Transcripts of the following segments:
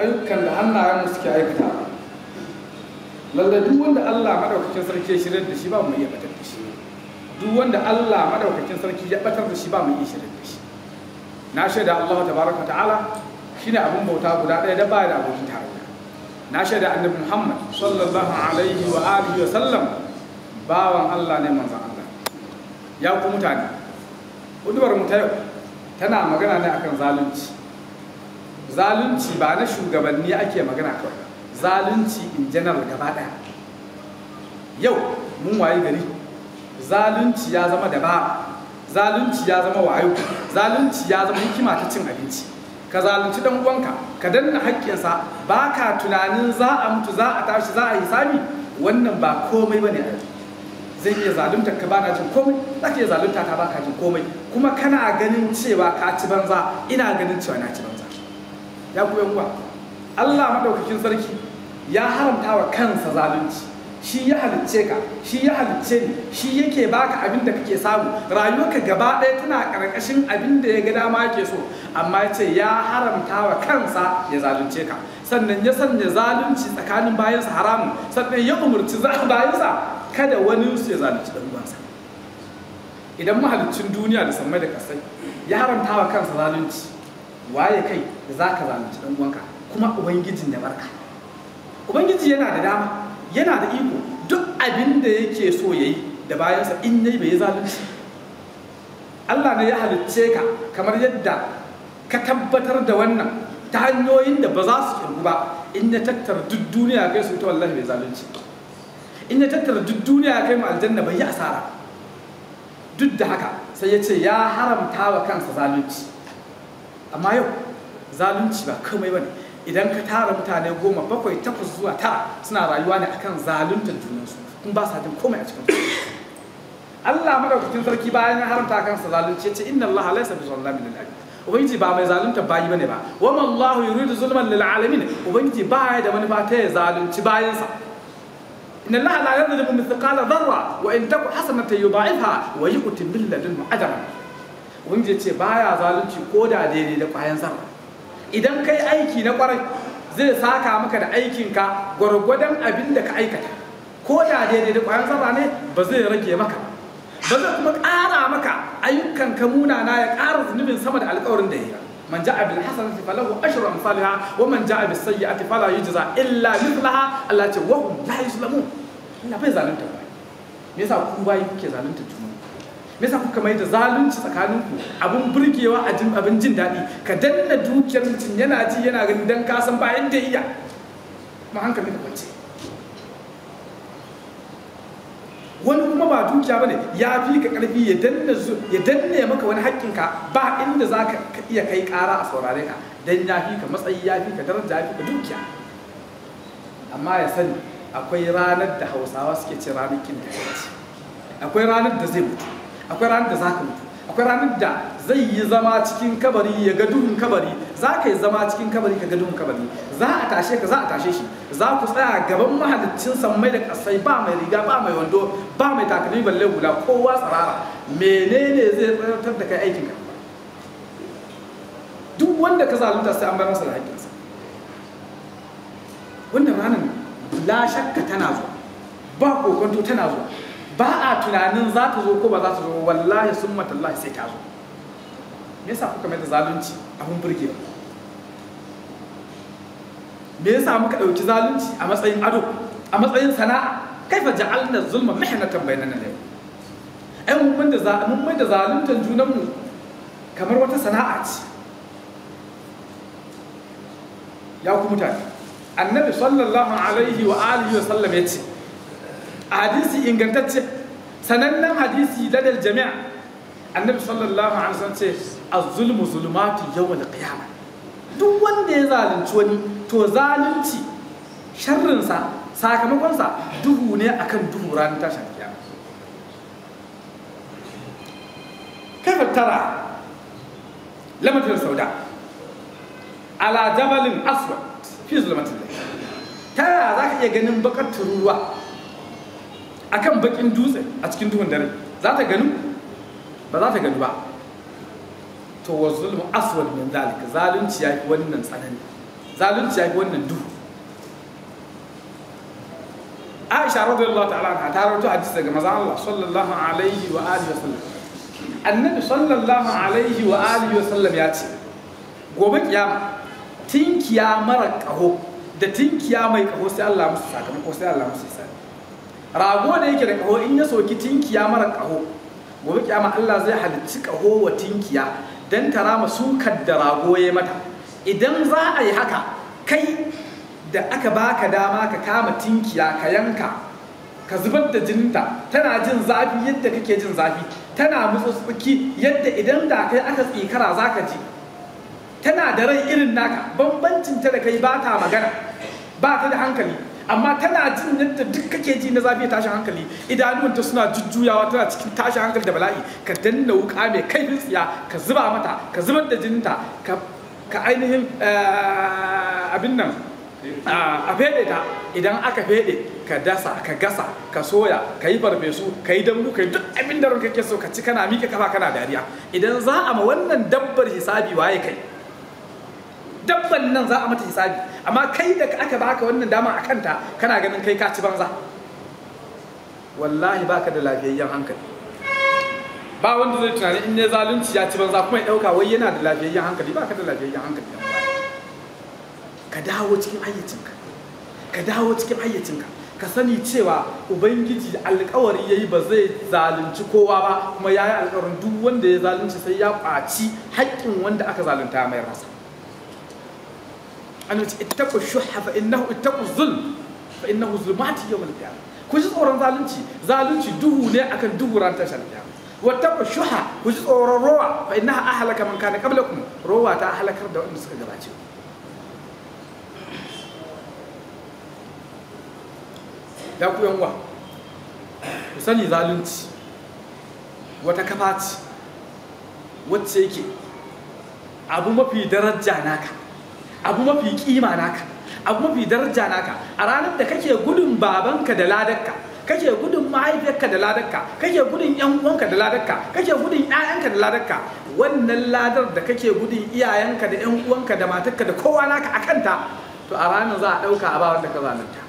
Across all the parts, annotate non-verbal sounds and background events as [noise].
ayyukan da hannayenmu mu suke aikata lalle duk wanda Allah madaukakin sarki ya shirya da shi ba mu iya batar da shi duk wanda Allah madaukakin sarki ya batar da shi ba mu iya shirya da shi na shaida Allah tabaraka ta'ala shine abin bauta guda ɗaya da ba da abokin tarayya na shaida annabi Muhammad sallallahu alaihi wa alihi wa sallam bawan Allah ne manzon Allah ya ku mutane hudubar mu ta yau tana magana ne akan zalunci zalunci ba na shugabanni ake magana kawai zalunci in general gaba daya yau mun waye gari zalunci ya zama ba. zalunci ya zama wayo zalunci ya zama hikima ta cin abinci ka zalunci dan uwanka ka danna haƙƙinsa ba ka tunanin za a mutu za a tashi za a yi sami wannan ba komai bane a zai iya zalunta ka bana jin komai za ka iya zalunta ka baka jin komai kuma kana ganin cewa ka ci banza ina ganin cewa na ci banza ya ku yanwa Allah madaukakin sarki ya haramtawa kansa zalunci shi ya halicce ka shi ya halicce ni shi yake baka abin da kake samu rayuwarka gaba ɗaya tana karkashin abin da ya ga dama yake so amma ya ce ya haramta wa kansa ya zalunce ka sannan ya sanya zalunci tsakanin bayansa haramun sannan ya umurci [laughs] bayansa kada wani su ya zalunci ɗan uwansa idan mahalicin duniya da sammai da kasai ya haramta wa kansa zalunci waye kai da za ka zalunci ɗan uwanka kuma ubangijin da barka ubangiji yana da dama yana da iko duk abin da yake so ya yi da bayansa in yai bai zalunci Allah ne ya halicce ka kamar yadda ka tabbatar da wannan ta hanyoyin da ba za su kirgu ba in ya tattara duk duniya kai su ta bai zalunci in ya tattara duk duniya kai mu aljanna bai yi asara duk da haka sai ya ce ya haramta wa kansa zalunci amma yau zalunci ba komai bane idan ka tara mutane goma bakwai takwas zuwa tara suna rayuwa ne akan zaluntar junansu kuma ba sa jin komai a cikin Allah madaukakin sarki bayan ya haramta kansa zalunci ya ce inna Allah laysa bi zallamin lil abid ubangiji ba mai zalunta bayi bane ba wa ma Allah yuridu zulman lil alamin ubangiji ba ya da manufa ta ya zalunci bayansa inna Allah la yadhlimu mithqala dharra wa in taku hasanatan yudha'ifha wa yu'ti min ladunhu ajran ubangiji ce baya zalunci ko da daidai da kwayan zarra idan kai aiki na kwarai zai saka maka da aikinka gwargwadon abin da ka aikata ko da daidai da kwayan zarra ne ba zai rage maka ba zai kuma ƙara maka ayyukan ka munana ya ƙara zunubin sama da alƙawarin da ya man من جاء hasanati فله أشر أمثالها wa man بالسيئة فلا يجزى إلا مثلها illa وهم Allah ce wa hum la yuzlamun Allah bai ba me yasa ku bayi kuke me yasa kuka mai da zalunci tsakaninku abin burgewa a abin jin daɗi ka danna dukiyar mutum yana ji yana gani dan ka san bayan da iya ma hankali da kwance wani kuma ba dukiya bane ya fi ka karfi ya danna ya danne maka wani haƙƙinka ba inda za ka iya kai ƙara a saurare ka dan ya fi ka matsayi ya fi ka daraja ya fi ka dukiya amma ya sani akwai ranar da hausawa suke ce ranar kin da akwai ranar da zai mutu akwai ranar da za ka mutu akwai ranar da zai yi zama cikin kabari ya ga duhun kabari za ka yi zama cikin kabari ka ga duhun kabari za a tashe ka za a tashe shi za ku tsaya gaban mahalicin sammai da kasai ba mai riga ba mai wando ba mai takalmi balle hula kowa tsarara menene zai tsayar da kai aikin ka duk wanda ka zalunta sai an bar masa da haƙƙinsa wannan ranar la shakka tana zuwa ba kokonto tana zuwa ba a tunanin za ta zo ko ba za ta zo wallahi sun matallahi sai ta zo me yasa kuka mai da zalunci abun burge me yasa muka ɗauki zalunci a matsayin ado a matsayin sana'a kaifa ja'alna zulma mihnatan bainana da ai mun mun da mun mai da zaluntan mu kamar wata sana'a ce ya ku mutane annabi sallallahu alaihi wa alihi wa sallam ya ce hadisi ingantacce sanannen hadisi ladal jami'a annabi sallallahu alaihi wasallam ce az-zulmu zulumatu yawm al-qiyamah duk wanda ya zalunci wani to zalunci sharrinsa sakamakonsa duhu ne akan duhu ranar tashin kiyama kafa tara lamatin sauda ala jabalin aswad fi zulmatin ta yaya za ka iya ganin bakar tururuwa akan bakin dutse a cikin duhun dare za ta gani ba za ta gani ba to wa zulmu aswad min zalika zalunci ya fi wannan tsanani zalunci ya fi wannan duhu Aisha radiyallahu ta'ala anha ta rawaito hadisi daga manzon Allah sallallahu alaihi wa alihi wa sallam Annabi sallallahu alaihi wa alihi wa sallam ya ce gobe kiyama tinkiya mara kaho da tinkiya mai kaho sai Allah musu sakamako sai Allah musu sakamako rago da yake da kaho in ya soki tinkiya mara kaho gobe kiyama Allah zai halicci kaho wa tinkiya dan ta rama sukar da rago ya mata idan za a yi haka kai da aka baka dama ka kama tinkiya ka yanka ka zubar da jinta tana jin zafi yadda kake jin zafi tana mutsutsuki yadda idan da kai aka tsikara za ka ji tana da rai irin naka bambancin ta da kai ba ta magana ba ta da hankali amma tana jin yadda duk kake ji na zafi tashin hankali idanunta suna jujjuyawa tana cikin tashin hankali da bala'i ka danna wuka mai kai tsiya ka zuba mata ka zubar da jininta ka ainihin eh, abin nan eh, a fede ta idan aka fede ka dasa ka gasa ka soya ka yi farfesu ka yi dambu ka yi duk abin da ranka ke so ka ci kana miƙe kafa kana dariya idan za a ma wannan dabbar hisabi waye kai dabban nan za a mata hisabi amma kai da aka baka wannan dama a kanta kana ganin kai ka ci banza wallahi baka da lafiyayyen hankali ba wanda zai tunani in ne zalunci ya ci banza kuma ya dauka wai yana da lafiyayyen hankali baka da lafiyayyen hankali ka dawo cikin hayyacinka ka dawo cikin hayyacinka ka sani cewa ubangiji alkawari ya yi ba zai zalunci kowa ba kuma ya yi alkawarin duk wanda ya zalunci sai ya ƙwaci haƙƙin wanda aka zalunta mai rasa annabi ce ittaqu shuha fa innahu ittaqu zulm fa innahu zulmati yawm al-qiyamah ku ji tsoron zalunci zalunci duhu ne akan duhu ran tashar wa wattaqu shuha ku ji tsoron rowa fa innaha ahlaka man kana qablakum rowa ta halakar da wanda suka gabace ku ya ku yan uwa ku sani zalunci wata kafa ce wacce yake abu mafi daraja naka abu mafi kima naka abu mafi daraja naka a ranar da kake gudun babanka da ladarka kake gudun mahaifiyarka da ladarka kake gudun yan uwanka da ladarka kake gudun ƴaƴanka da ladarka wannan ladar da kake gudun iyayenka da yan uwanka da matarka da kowa naka akan ta to a ranar za a ɗauka a ba wanda ka zalunta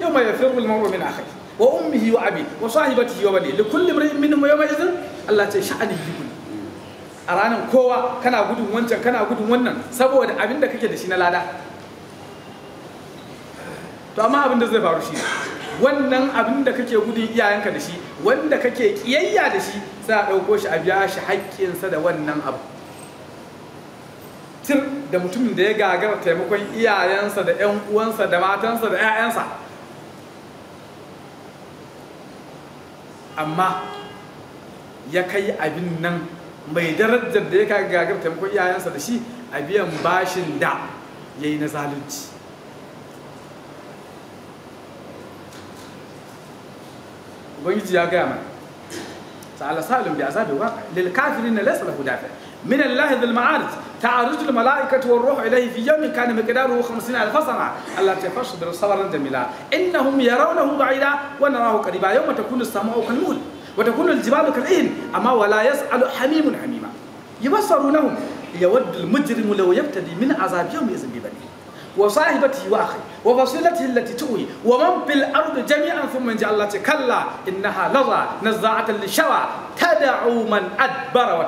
yau mai yafiru al-mar'u min akhi wa ummihi wa abi wa sahibatihi wa bani li kulli imrin minhum yawma idhin Allah ce sha'ani yubin a ranar kowa kana gudun wancan kana gudun wannan saboda abin da kake da shi na lada to amma abin da zai faru shi wannan abin da kake gudun iyayenka da shi wanda kake kiyayya da shi za a ɗauko shi a biya shi haƙƙinsa da wannan abu tun da mutumin da ya gagara taimakon iyayensa da ƴan uwansa da matansa da ƴaƴansa. amma ya kai abin nan mai darajar da ya kaga gagar taimakon iyayensa da shi a biyan bashin da ya yi na zalunci ubangiji ya gaya mana ta'ala salim bi azabi waqa lil kafirin laysa lahu dafi min allahi dhil ma'arij تعرج الملائكة والروح إليه في يوم كان مقداره خمسين ألف سنة ألا تفصبر صبرا جميلا إنهم يرونه بعيدا wata kunul jibalu kal'in amma wala yas'alu hamimun hamima yubassarunahum yawaddu al-mujrimu law yabtadi min azabi yawmi yazbi bani wa sahibatihi wa akhi wa fasilatihi allati tuwi wa man fil ardi jami'an thumma inja Allah kalla innaha laza nazza'atan lishawa tad'u man adbara wa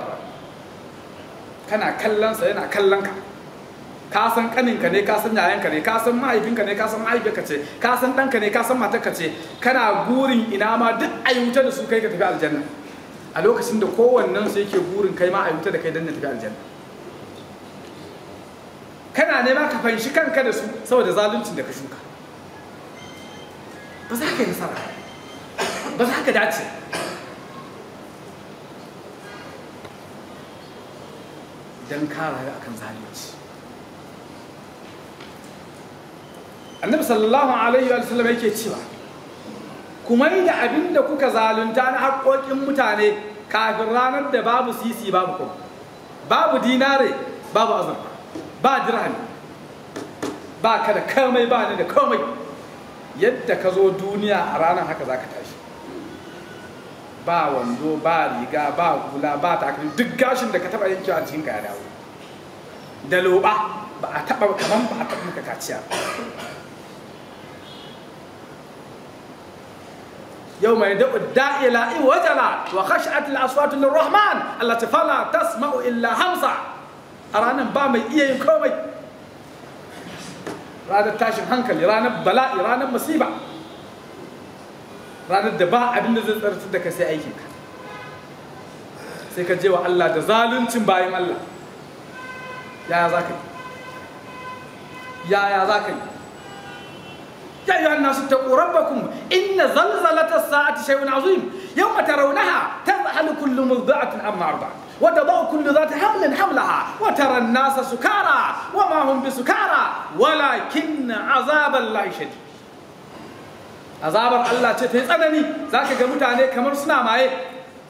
kana kallansa yana kallanka ka san kaninka ne ka san yayanka ne ka san mahaifinka ne ka san mahaifinka ce ka san ɗanka ne ka san matarka ce kana gurin ina ma duk a da su kai ka tafi aljanna a lokacin da kowannen su yake gurin kai ma a da kai don na tafi aljanna kana nema ka fanshi kanka da su saboda zaluncin da ka shuka ba za ka yi nasara ba za ka dace don kara akan zalunci annabi sallallahu alaihi wa sallam yake cewa kuma mai da abin da kuka zalunta na haƙoƙin mutane kafin ranar da babu sisi babu kuma babu dinare babu azurfa ba dirhami ba ka da komai ba ni da komai yadda ka zo duniya a ranar haka za ka tashi ba wando ba riga ba kula ba takalmi duk gashin da ka taɓa yankewa a cikin ka ya dawo da loba ba a taɓa kaman ba a taɓa maka kaciya yau mai daɓa da'ila iwajala wa khashi'at al-aswatu lirrahman Allah ta fala tasma'u illa a ranar ba mai iya yin komai ranar tashin hankali ranar bala'i ranar masiba ranar da ba abin da zai tsartar da ka sai aikin ka sai ka je wa Allah da zaluncin bayan Allah yaya za ka yi yaya za ka yi يا أيها الناس اتقوا ربكم إن زلزلة الساعة شيء عظيم يوم ترونها تذهل كل مرضعة عما أرضعت وتضع كل ذات حمل حملها وترى الناس سكارى وما هم بسكارى ولكن عذاب الله شديد azabar Allah ce ta yi tsanani za ka ga mutane kamar suna maye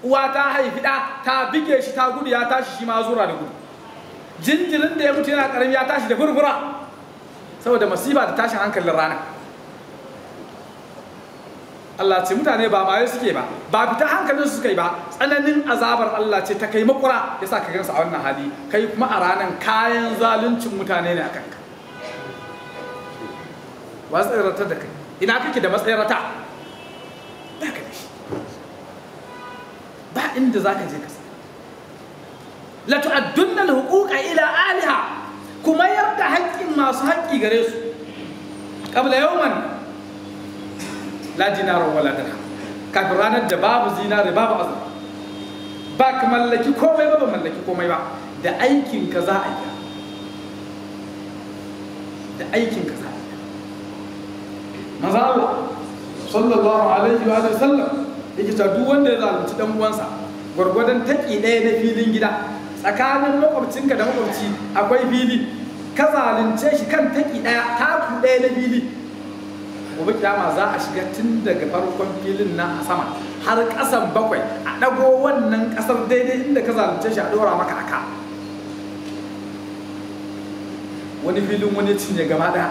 uwa ta haifi ɗa ta bige shi ta gudu ya tashi shi ma zura da gudu jinjirin da ya mutu yana ƙarami ya tashi da furfura saboda masifa da tashin hankalin rana Allah ce mutane ba maye suke ba ba fita hankalin su suka yi ba tsananin azabar Allah ce ta kai makura yasa ka gansu a wannan hali kai kuma a ranar kayan zaluncin mutane ne a kanka ba tsayarata da kai ina kake da matsayarata ba ka ba inda za ka je ka la tu'addunna al-huquqa ila aliha kuma yarda haƙƙin masu haƙƙi gare su qabla yawman la dinarar wala dirham kafin ranar da babu zinare babu azu ba ka mallaki komai ba ba mallaki komai ba da aikin ka za a yi da aikin ka za a yi maza Allah sallallahu alaihi wa sallam yake ta duk wanda ya zalunci dan uwansa gwargwadon taki ɗaya na filin gida tsakanin makwabcinka da makwabci akwai fili ka zalunce shi kan taki ɗaya taku ɗaya na fili gobe kiyama za a shiga tun daga farkon filin na a sama har ƙasan bakwai a ɗago wannan ƙasar daidai inda ka zalunce shi a ɗora maka aka wani filin wani cinye gaba ɗaya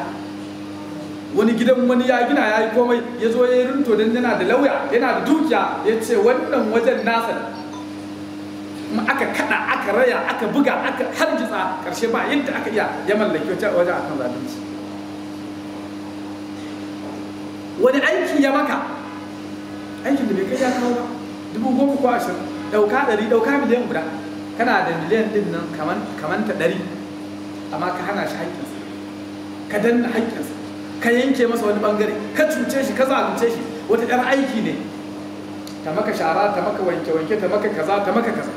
wani gidan wani ya gina ya yi komai ya zo ya yi rinto don yana da lauya yana da dukiya ya ce wannan wajen nasa aka kada aka raya aka buga aka hargitsa karshe ba yadda aka iya ya mallaki wajen akan zalunci wani aiki ya maka aikin da bai kai ya kawo ba dubu goma ko ashirin ɗauka ɗari ɗauka miliyan guda kana da miliyan ɗin nan kaman ta ɗari amma ka hana shi haƙƙinsa ka danna haƙƙinsa ka yanke masa wani ɓangare ka cuce shi ka zalunce shi wata ɗan aiki ne ta maka shara ta maka wanke wanke ta maka kaza ta maka kaza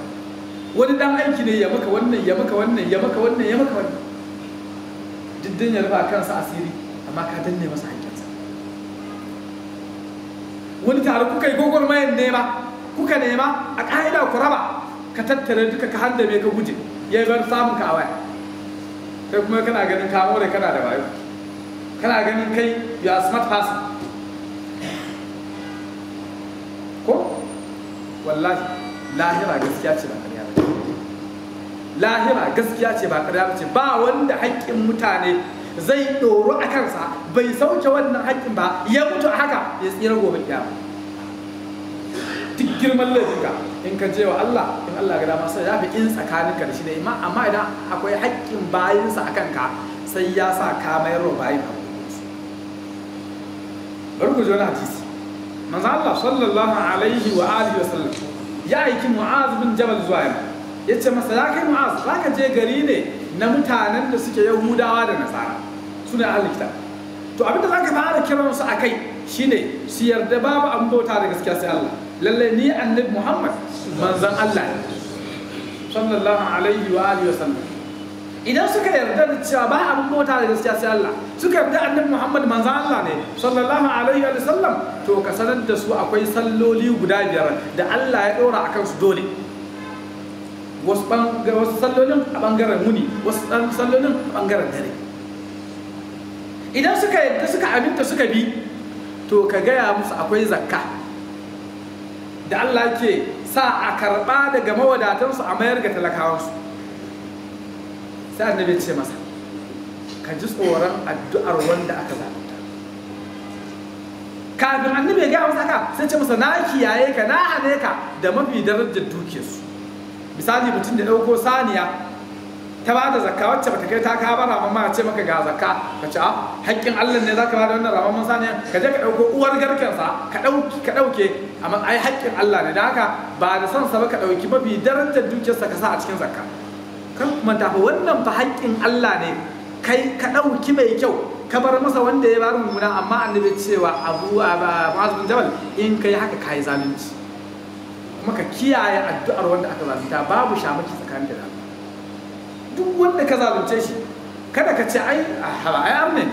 wani ɗan aiki ne ya maka wannan ya maka wannan ya maka wannan ya maka wannan diddin ya rufa kansa asiri amma ka danne masa haƙƙi wani tare kuka yi gwagwarmayar nema kuka nema a ka'ida ku raba ka tattara duka ka handame ka guje ya bar samun ka waya kai kuma kana ganin ka more kana da wayo kana ganin kai you are smart person ko wallahi lahira gaskiya ce ba ƙarya ba lahira gaskiya ce ba ƙarya ba ce ba wanda haƙƙin mutane zai ɗoro a kansa bai sauke wannan haƙƙin ba ya mutu a haka ya tsira gobe kiyama duk girman laifinka in ka je wa Allah in Allah ga dama sai ya fi in tsakaninka da shi ne amma idan akwai haƙƙin bayinsa a kanka sai ya sa ka mayar wa bayin abu bari ku ji wani hadisi manzo Allah sallallahu alaihi wa alihi wa sallam ya aiki Mu'az bin Jabal zuwa yana masa ya kai Mu'az zaka je gari ne na mutanen da suke Yahudawa da Nasara suna alkitab to za ka fara a kai shi shine su yarda babu an bauta da gaskiya sai Allah lalle ni annabi Muhammad manzon Allah sallallahu alaihi wa alihi wasallam idan suka yarda da cewa ba abin bauta da gaskiya sai Allah suka yarda annabi Muhammad manzon Allah ne sallallahu alaihi wa sallam to ka sanar da su akwai salloli guda biyar da Allah ya dora akan su dole wasu sallolin a bangaren muni wasu sallolin a bangaren dare idan suka yadda suka aminta suka bi to ka gaya musu akwai zakka da Allah ke sa a karɓa daga mawadatansu a mayar ga talakawansu sai annabi ce masa ka ji tsoron addu'ar wanda aka zaɓuta kafin annabi ya gaya musu haka sai ce masa na kiyaye ka na hane ka da mafi darajar dukiyarsu misali mutum da ɗauko saniya ta ba da zakka wacce bata kai ta ka ba ramamma ce maka ga zakka ka ce a ah, haƙƙin Allah ne zaka ba da wannan ramamman saniya ka je ka ɗauko uwar garkensa ka ɗauki ka ɗauke amma ai haƙƙin Allah ne da haka ba da son sa ba ka ɗauki mafi darajar dukiyarsa ka sa a cikin zakka kan kuma ta fa wannan fa haƙƙin Allah ne kai ka ɗauki mai kyau ka bar masa wanda ya bar mummuna amma annabi cewa abu ba bin jabal in kai haka kai zalunci kuma ka kiyaye addu'ar wanda aka zalunta babu shamaki tsakanin da duk wanda ka zalunce shi kada ka ce ai haba ai amne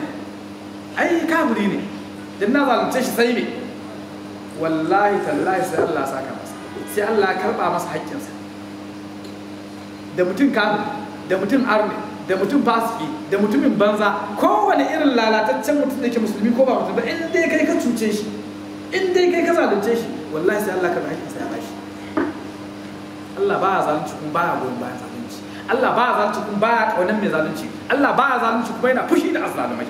ai kafiri ne din na zalunce shi sai me. wallahi tallahi sai Allah saka masa sai Allah ya karba masa haƙƙinsa da mutum kafiri da mutum arne da mutum fasiki da mutumin banza kowane irin lalataccen mutum da ke musulmi ko ba mutum ba in dai kai ka cuce shi in dai kai ka zalunce shi wallahi sai Allah ka ba haƙƙinsa ya bashi Allah ba zalunci kuma ba ya goyon bayan Allah ba ya zalunci kuma ba ya kaunan mai zalunci Allah ba ya zalunci kuma yana fushi da azzalumai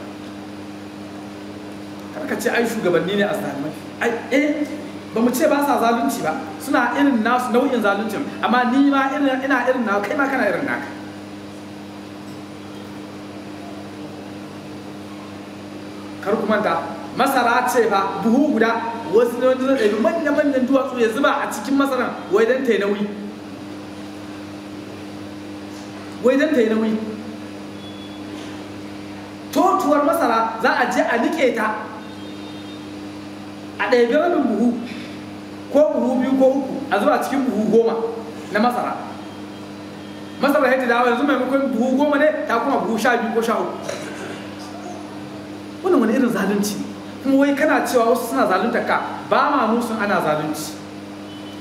kar ka ce ai shugabanni ne azzalumai ai eh ba mu ce ba sa zalunci ba suna irin nasu nau'in zaluncin amma ni ma ina irin na kai ma kana irin naka kar ku manta masara ce ba, buhu guda wasu ne wanda zai ɗabi manya-manyan duwatsu ya zuba a cikin masaran wai don ta yi nauyi wai dan ta yi nauyi totuwar masara za a je a niƙe ta a ɗaibe wani buhu ko buhu biyu ko uku a zuwa cikin buhu goma na masara masara ya dawo yanzu maimakon buhu goma ne ta kuma buhu sha biyu ko sha uku wannan wani irin zalunci kuma wai kana cewa wasu suna zalunta ka ba ma musu ana zalunci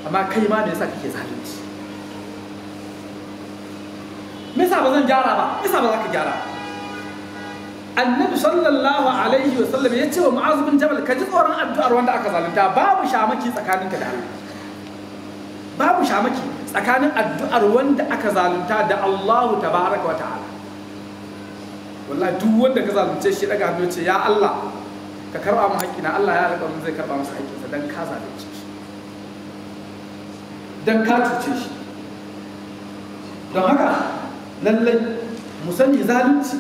amma kai ma me yasa kake zalunci yasa ba zan gyara ba yasa ba za ka gyara annabi sallallahu alaihi wa sallam ya ce wa mu'az bin jabal ka ji tsoron addu'ar wanda aka zalunta babu shamaki tsakaninka da Allah babu shamaki tsakanin addu'ar wanda aka zalunta da Allahu tabaraka wa ta'ala wallahi duk wanda ka zalunce shi daga hannu ce ya Allah ka karba mu haƙƙina Allah ya alƙawarin zai karba masa sa dan ka zalunce shi dan ka tuce shi don haka lallai mu sani zalunci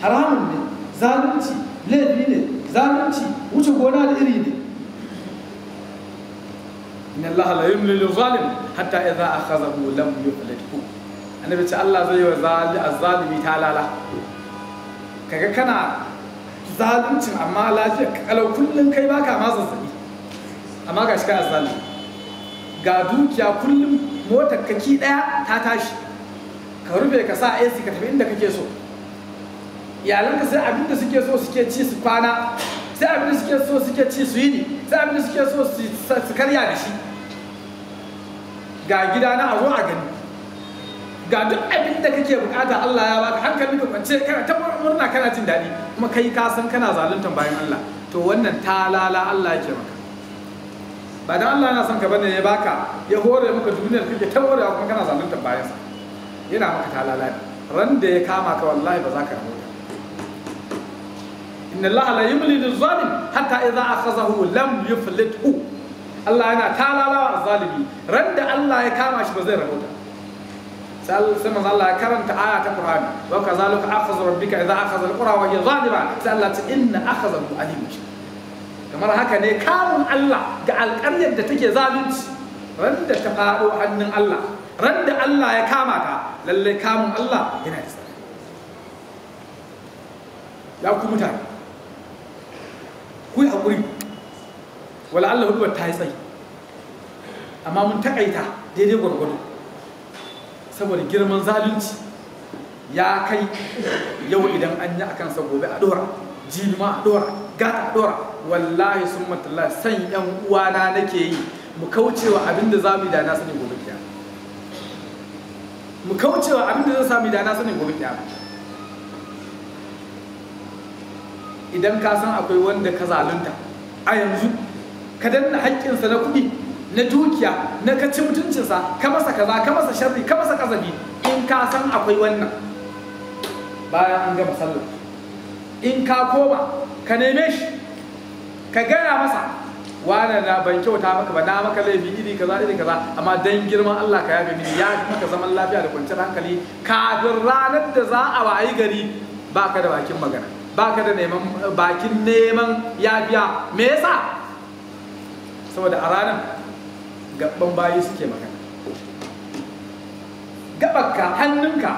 haramun ne zalunci laifi ne zalunci wuce gona da iri ne inna Allah la yumli lil zalim hatta idza akhadhahu lam yuflithu annabi ce Allah zai yi wa zalimi talala kaga kana zalunci amma lafiya kalau kullun kai baka ma zazzabi amma ga shi ka azzalimi ga dukiya kullum motar kaki daya ta tashi ka rufe ka sa AC ka tafi inda kake so iyalanka sai abin da suke so suke ci su kwana sai abin da suke so suke ci su yi ne sai abin da suke so su karya da shi ga gida na a zo a gani ga duk abin da kake bukata Allah ya baka hankali ka kwance kana ta murna kana jin daɗi kuma kai ka san kana zaluntan bayan Allah to wannan talala Allah yake maka ba da Allah yana son ka bane ya baka ya hore maka duniyar kake ta horewa kuma kana zaluntan bayan sa yana maka talala ne ran da ya kama ka wallahi ba za ka rabu inna allaha la yumli lil zalim hatta idza akhazahu lam yuflithu Allah yana talalawa a zalimi ran da Allah ya kama shi ba zai rabu sai manzo Allah ya karanta aya ta Qur'ani wa kazalika akhadha rabbika idza akhadha al-qura wa hiya zalima sai Allah ta inna akhadhahu alim kamar haka ne kamun Allah ga alƙaryar da take zalunci ran da ta faɗo hannun Allah ran da Allah ya kama ka. Lallai kamun Allah yana da tsari ya ku mutane ku yi haƙuri wala Allah huduwar ta yi tsayi amma mun taƙaita daidai gwargwado saboda girman zalunci ya kai yau idan an yi akan sa gobe a dora jima a dora gata a dora wallahi sun san yan uwana nake yi mu kaucewa abinda za mu yi da na sani mu kaucewa abin da zai sami da na sanin gobe kiyama idan ka san akwai wanda ka zalunta a yanzu ka danna haƙƙinsa na kuɗi na dukiya na ka ci mutuncinsa ka masa kaza ka masa sharri ka masa kazabi in ka san akwai wannan bayan an gama sallah in ka koma ka neme shi ka gaya masa wane na ban kyauta maka ba na maka laifi iri kaza iri kaza amma dan girman Allah ka yafe mini ya maka zaman lafiya da kwanciyar hankali kafin ranar da za a wayi gari baka da bakin magana baka da neman bakin neman yafiya me yasa saboda a ranar gaban bayi suke magana gabakka hannunka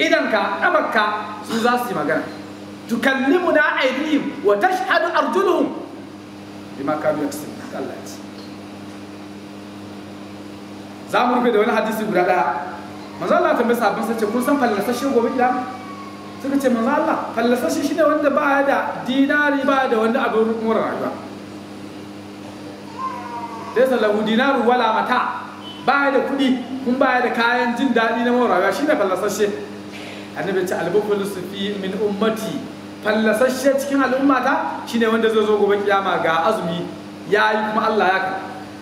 idanka amakka su za su yi magana tukallimuna aydihim wa tashhadu arjuluhum bima kanu yaksib Allah za mu rufe da wani hadisi guda ɗaya. manzo Allah tambaye sabbin sa ce kun san fallasashe gobe kiyama suka ce manzo Allah fallasashe shine wanda ba ya da dinari ba da wanda abin rukun rayuwa dai sallahu dinaru wala mata ba ya da kuɗi kun ba ya da kayan jin daɗi na mawar rayuwa shine fallasashe annabi ce albukul sufi min ummati fallasashe cikin al'ummata shine wanda zai zo gobe kiyama ga azumi ya yi kuma Allah ya karba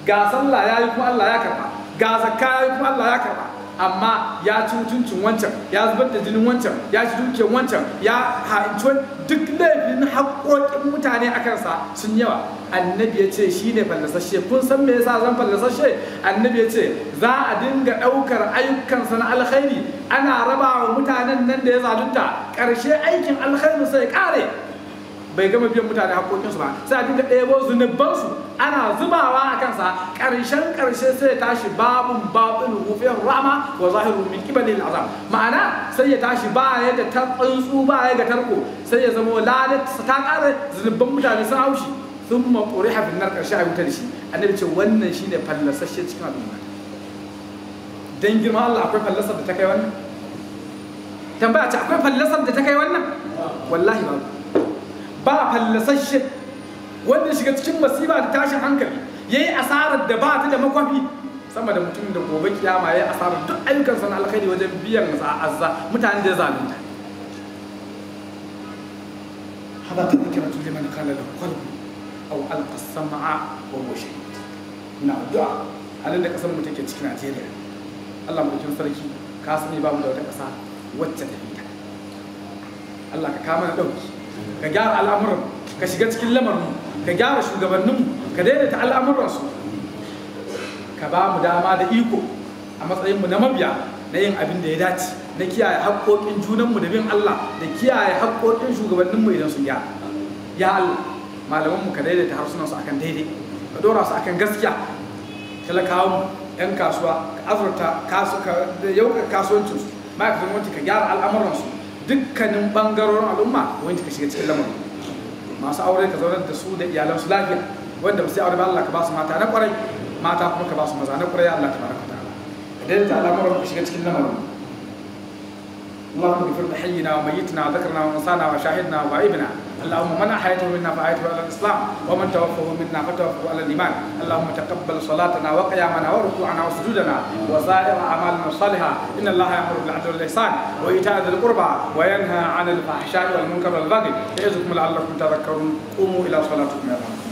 ga sallah ya yi kuma Allah ya karba ga zakka ya yi kuma Allah ya karba amma ya ci mutuncin wancan ya zubar da jinin wancan ya ci dukiyar wancan ya ha'inci duk laifin haƙoƙin mutane a kansa sun yawa annabi ya ce shi ne fallasashe kun san me yasa zan fallasashe annabi ya ce za a dinga ɗaukar ayyukansa na alkhairi ana raba wa mutanen nan da ya zalunta ƙarshe aikin alkhairu sai ƙare bai gama biyan mutane haƙoƙinsu ba sai a dinga ɗebo zunubansu ana zubawa a kansa ƙarshen ƙarshe sai ya tashi babun babun rufin rama wa zahiru min kibalil azam ma'ana sai ya tashi ba ya da tsuntsu ba ya ga tarko sai ya zama lalat ta ƙara zunuban mutane sun haushi sun maƙuri hafin nar ƙarshe a wuta da shi annabi ce wannan shine fallasashe cikin al'umma dan girma Allah akwai fallasar da ta kai wannan tambaya ce akwai fallasar da ta kai wannan wallahi ba. ba fallasashe wanda shiga cikin masifa da tashin hankali ya yi asarar da ba ta da makwafi sama da mutum da gobe kiyama ya yi asarar duk ayyukansa na alkhairi wajen biyan azza mutane da ya zalunta هذا da لمن كان له قلب أو ألقى السمع wa شهيد Ina addu'a halin da kasar mu take cikin Najeriya Allah mu sarki ka sani ba mu da wata ƙasa wacce ta fita Allah ka kama na ɗauki ka gyara al'amuran ka shiga cikin lamarin ka gyara shugabanninmu ka daidaita al'amuransu ka ba mu dama da iko a matsayinmu na mabiya na yin abin da ya dace na kiyaye haƙoƙin junanmu da bin Allah da kiyaye haƙoƙin shugabanninmu idan sun gyara ya Allah malamanmu ka daidaita harsunansu akan daidai ka dora su akan gaskiya mu yan kasuwa ka azurta kasuwancinsu ma'aikatan gwamnati ka gyara al'amuransu dukkanin bangarorin al'umma wani ka shiga cikin lamarin masu aure ka zaunar da su da iyalan su lafiya wanda ba sai aure ba Allah ka ba su mata na kwarai mata kuma ka ba su maza na kwarai Allah ta baraka ta idan ta alamar ku shiga cikin lamarin wa اغفر wa وميتنا wa shahidna wa وغائبنا اللهم من أحيته منا فأحيته على الإسلام ومن توفه منا فتوفه على الإيمان اللهم تقبل صلاتنا وقيامنا وركوعنا وسجودنا وسائر أعمالنا الصالحة إن الله يأمر بالعدل والإحسان وإيتاء ذي القربى وينهى عن الفحشاء والمنكر والبغي يعظكم لعلكم تذكرون قوموا إلى صلاتكم يا رب